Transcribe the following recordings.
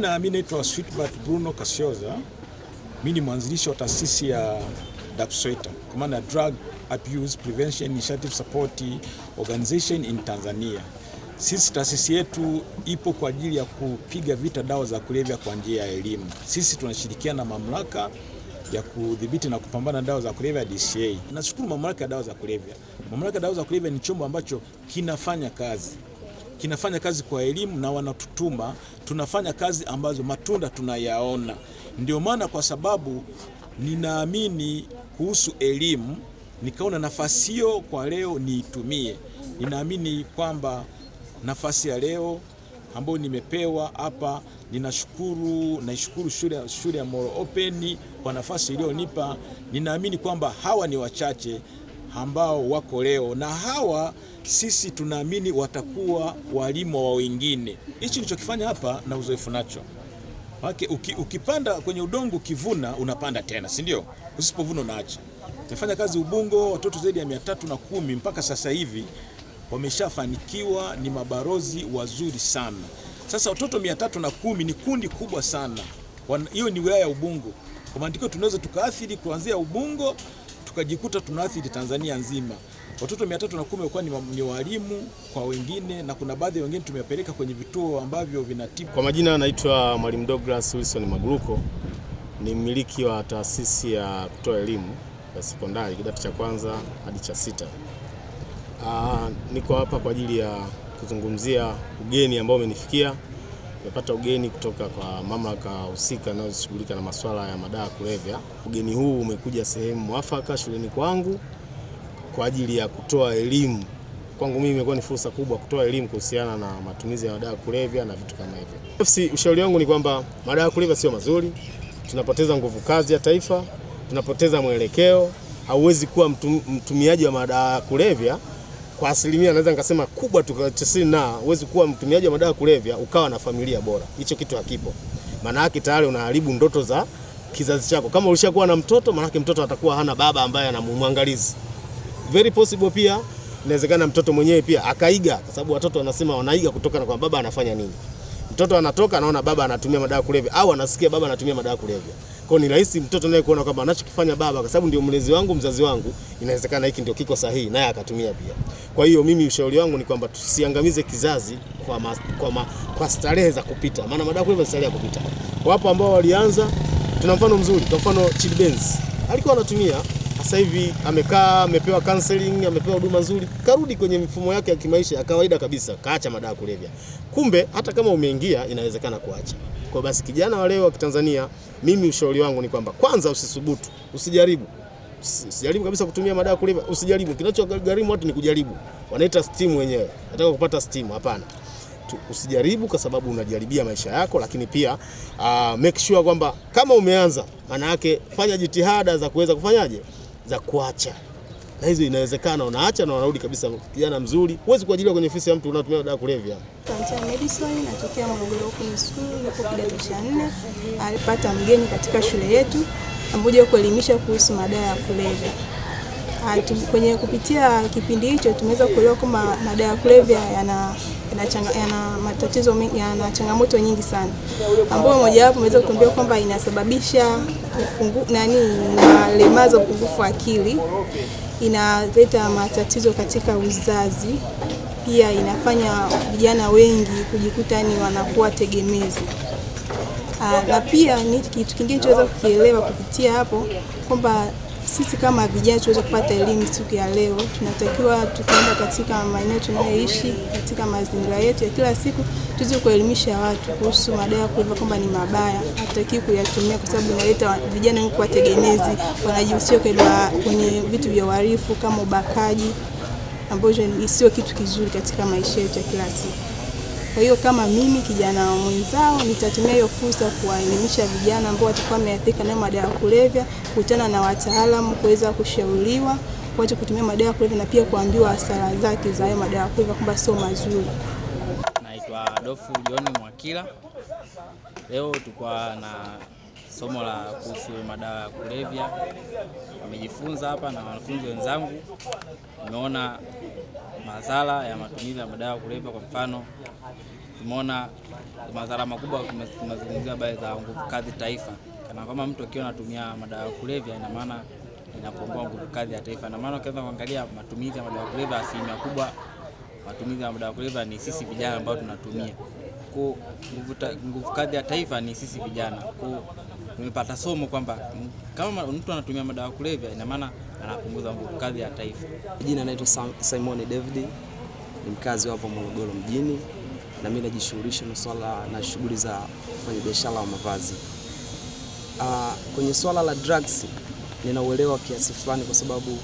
Na mimi naitwa Sweetbert Bruno Kasioza. Mimi ni mwanzilishi wa taasisi ya DAPSWETA, kwa maana Drug Abuse Prevention Initiative Support Organization in Tanzania. Sisi taasisi yetu ipo kwa ajili ya kupiga vita dawa za kulevya kwa njia ya elimu. Sisi tunashirikiana na mamlaka ya kudhibiti na kupambana dawa za kulevya DCA. Nashukuru mamlaka ya dawa za kulevya. Mamlaka ya dawa za kulevya ni chombo ambacho kinafanya kazi kinafanya kazi kwa elimu na wanatutuma, tunafanya kazi ambazo matunda tunayaona. Ndio maana kwa sababu ninaamini kuhusu elimu, nikaona nafasi hiyo kwa leo niitumie. Ninaamini kwamba nafasi ya leo ambayo nimepewa hapa, ninashukuru, naishukuru shule, shule ya Moro Open kwa nafasi iliyonipa. Ninaamini kwamba hawa ni wachache ambao wako leo, na hawa sisi tunaamini watakuwa walimu wa wengine. Hichi nilichokifanya hapa na uzoefu nacho Wake, uki, ukipanda kwenye udongo ukivuna unapanda tena, si ndio? Usipovuna unaacha. Nimefanya kazi Ubungo, watoto zaidi ya mia tatu na kumi mpaka sasa hivi wameshafanikiwa, ni mabarozi wazuri sana. Sasa watoto mia tatu na kumi ni kundi kubwa sana, hiyo ni wilaya ya Ubungo. Kwa maandiko tunaweza tukaathiri kuanzia Ubungo tukajikuta tunaathiri Tanzania nzima. Watoto mia tatu walikuwa ni, ni walimu kwa wengine, na kuna baadhi wengine tumewapeleka kwenye vituo ambavyo vinatibu. Kwa majina anaitwa Mwalimu Douglas Wilson maguruko ni mmiliki wa taasisi ya kutoa elimu ya sekondari kidato cha kwanza hadi cha sita. Niko hapa kwa ajili ya kuzungumzia ugeni ambao umenifikia tumepata ugeni kutoka kwa mamlaka husika inayoshughulika na masuala ya madawa kulevya. Ugeni huu umekuja sehemu mwafaka shuleni kwangu kwa ajili ya kutoa elimu. Kwangu mimi imekuwa ni fursa kubwa kutoa elimu kuhusiana na matumizi ya madawa kulevya na vitu kama hivyo. Nafsi, ushauri wangu ni kwamba madawa kulevya sio mazuri, tunapoteza nguvu kazi ya taifa, tunapoteza mwelekeo. Hauwezi kuwa mtum, mtumiaji wa madawa kulevya kwa asilimia naweza nikasema kubwa tu tisini, na huwezi kuwa mtumiaji wa madawa kulevya ukawa na familia bora. Hicho kitu hakipo, maana yake tayari unaharibu ndoto za kizazi chako. Kama ulishakuwa na mtoto, maana yake mtoto atakuwa hana baba ambaye anamwangalizi. Very possible pia inawezekana mtoto mwenyewe pia akaiga, kwa sababu watoto wanasema wanaiga kutoka na kwa baba anafanya nini. Mtoto anatoka anaona baba anatumia madawa kulevya, au anasikia baba anatumia madawa kulevya. Kwa ni rahisi mtoto naye kuona kwamba anachokifanya baba, kwa sababu ndio mlezi wangu, mzazi wangu, inawezekana hiki ndio kiko sahihi, naye akatumia pia. Kwa hiyo mimi ushauri wangu ni kwamba tusiangamize kizazi kwa, ma, kwa, ma, kwa starehe za kupita, maana madawa kulevya starehe ya kupita. Wapo ambao walianza, tuna mfano mzuri, kwa mfano Chidi Benz alikuwa anatumia sasa hivi amekaa amepewa counseling amepewa huduma nzuri, karudi kwenye mifumo yake ya kimaisha ya kawaida kabisa, kaacha madawa kulevya. Kumbe hata kama umeingia inawezekana kuacha. Kwa basi, kijana wa leo wa Kitanzania, mimi ushauri wangu ni kwamba kwanza, usisubutu, usijaribu sijaribu kabisa kutumia madawa kulevya, usijaribu. Kinachogharimu watu ni kujaribu, wanaita steam wenyewe, nataka kupata steam. Hapana, usijaribu kwa sababu unajaribia maisha yako. Lakini pia uh, make sure kwamba kama umeanza, maana yake fanya jitihada za kuweza kufanyaje, za kuacha na hizo inawezekana, unaacha na unarudi kabisa kijana mzuri. Huwezi kuajiliwa kwenye ofisi ya mtu unatumia dawa kulevya. Antia Madison natokea Morogoro huku Misukuru, yuko kidato cha nne, alipata mgeni katika shule yetu amekuja kuelimisha kuhusu madawa ya kulevya. Ah, kwenye kupitia kipindi hicho tumeweza kuelewa kwamba madawa ya kulevya yana yana matatizo yana changamoto nyingi sana, ambayo mojawapo umeweza kutuambia kwamba inasababisha upungu, nani inalemaza upungufu wa akili, inaleta matatizo katika uzazi, pia inafanya vijana wengi kujikuta ni wanakuwa tegemezi. Ah, na pia ni kitu kingine tunaweza kukielewa kupitia hapo kwamba sisi kama vijana tuweze kupata elimu siku ya leo. Tunatakiwa tukienda katika maeneo tunayoishi, katika mazingira yetu ya kila siku, tuweze kuelimisha watu kuhusu madawa ya kulevya kwamba ni mabaya, hatutakiwi kuyatumia kwa sababu inaleta vijana kuwa tegemezi, wanajihusisha kwenye vitu vya uhalifu kama ubakaji, ambacho sio kitu kizuri katika maisha yetu ya kila siku. Kwa hiyo kama mimi kijana mwenzao, nitatumia hiyo fursa kuwaelimisha vijana ambao watakuwa wameathirika nayo madawa ya kulevya, kukutana na wataalamu kuweza kushauriwa kuacha kutumia madawa ya kulevya na pia kuambiwa hasara zake za hayo madawa ya kulevya kwamba sio mazuri. Naitwa Dofu John Mwakila. Leo tukwa na somo la kuhusu madawa ya kulevya, nimejifunza hapa na wanafunzi wenzangu, nimeona madhara ya matumizi ya madawa ya kulevya. Kwa mfano, tumeona madhara makubwa tunazungumzia habari za nguvu kazi taifa, kana kama mtu akiwa anatumia madawa ya kulevya, ina maana inapungua nguvu kazi ya taifa. Ina maana ukianza kuangalia matumizi ya madawa ya kulevya, asilimia kubwa matumizi ya madawa ya kulevya ni sisi vijana ambao tunatumia ku nguvu kazi ya taifa ni sisi vijana. Tumepata somo kwamba kama mtu anatumia madawa kulevya, ina maana anapunguza nguvu kazi ya taifa. Jina naitwa Simon David, ni mkazi wapo Morogoro mjini, na mimi najishughulisha na swala na shughuli za kufanya biashara wa mavazi. Uh, kwenye swala la drugs ninauelewa kiasi fulani kwa sababu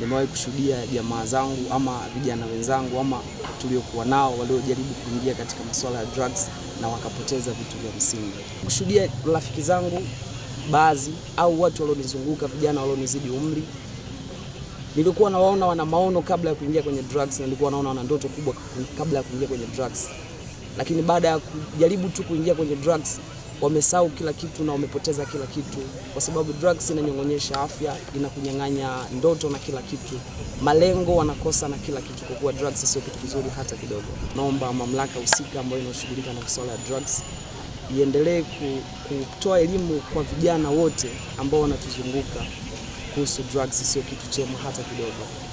nimewahi kushuhudia jamaa zangu ama vijana wenzangu ama tuliokuwa nao waliojaribu kuingia katika masuala ya drugs na wakapoteza vitu vya msingi. Kushuhudia rafiki zangu baadhi au watu walionizunguka, vijana walionizidi umri, nilikuwa nawaona wana maono kabla ya kuingia kwenye drugs, na nilikuwa naona wana ndoto kubwa kabla ya kuingia kwenye drugs, lakini baada ya kujaribu tu kuingia kwenye drugs wamesahau kila kitu na wamepoteza kila kitu, kwa sababu drugs inanyong'onyesha afya, inakunyang'anya ndoto na kila kitu, malengo wanakosa na kila kitu, kwa kuwa drugs sio kitu kizuri hata kidogo. Naomba mamlaka husika ambayo inashughulika na masuala ya drugs iendelee kutoa elimu kwa vijana wote ambao wanatuzunguka kuhusu drugs, sio kitu chema hata kidogo.